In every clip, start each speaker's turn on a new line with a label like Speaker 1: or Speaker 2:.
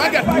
Speaker 1: Maguette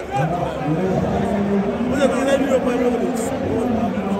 Speaker 1: Você não lembra meu pai, meu Deus?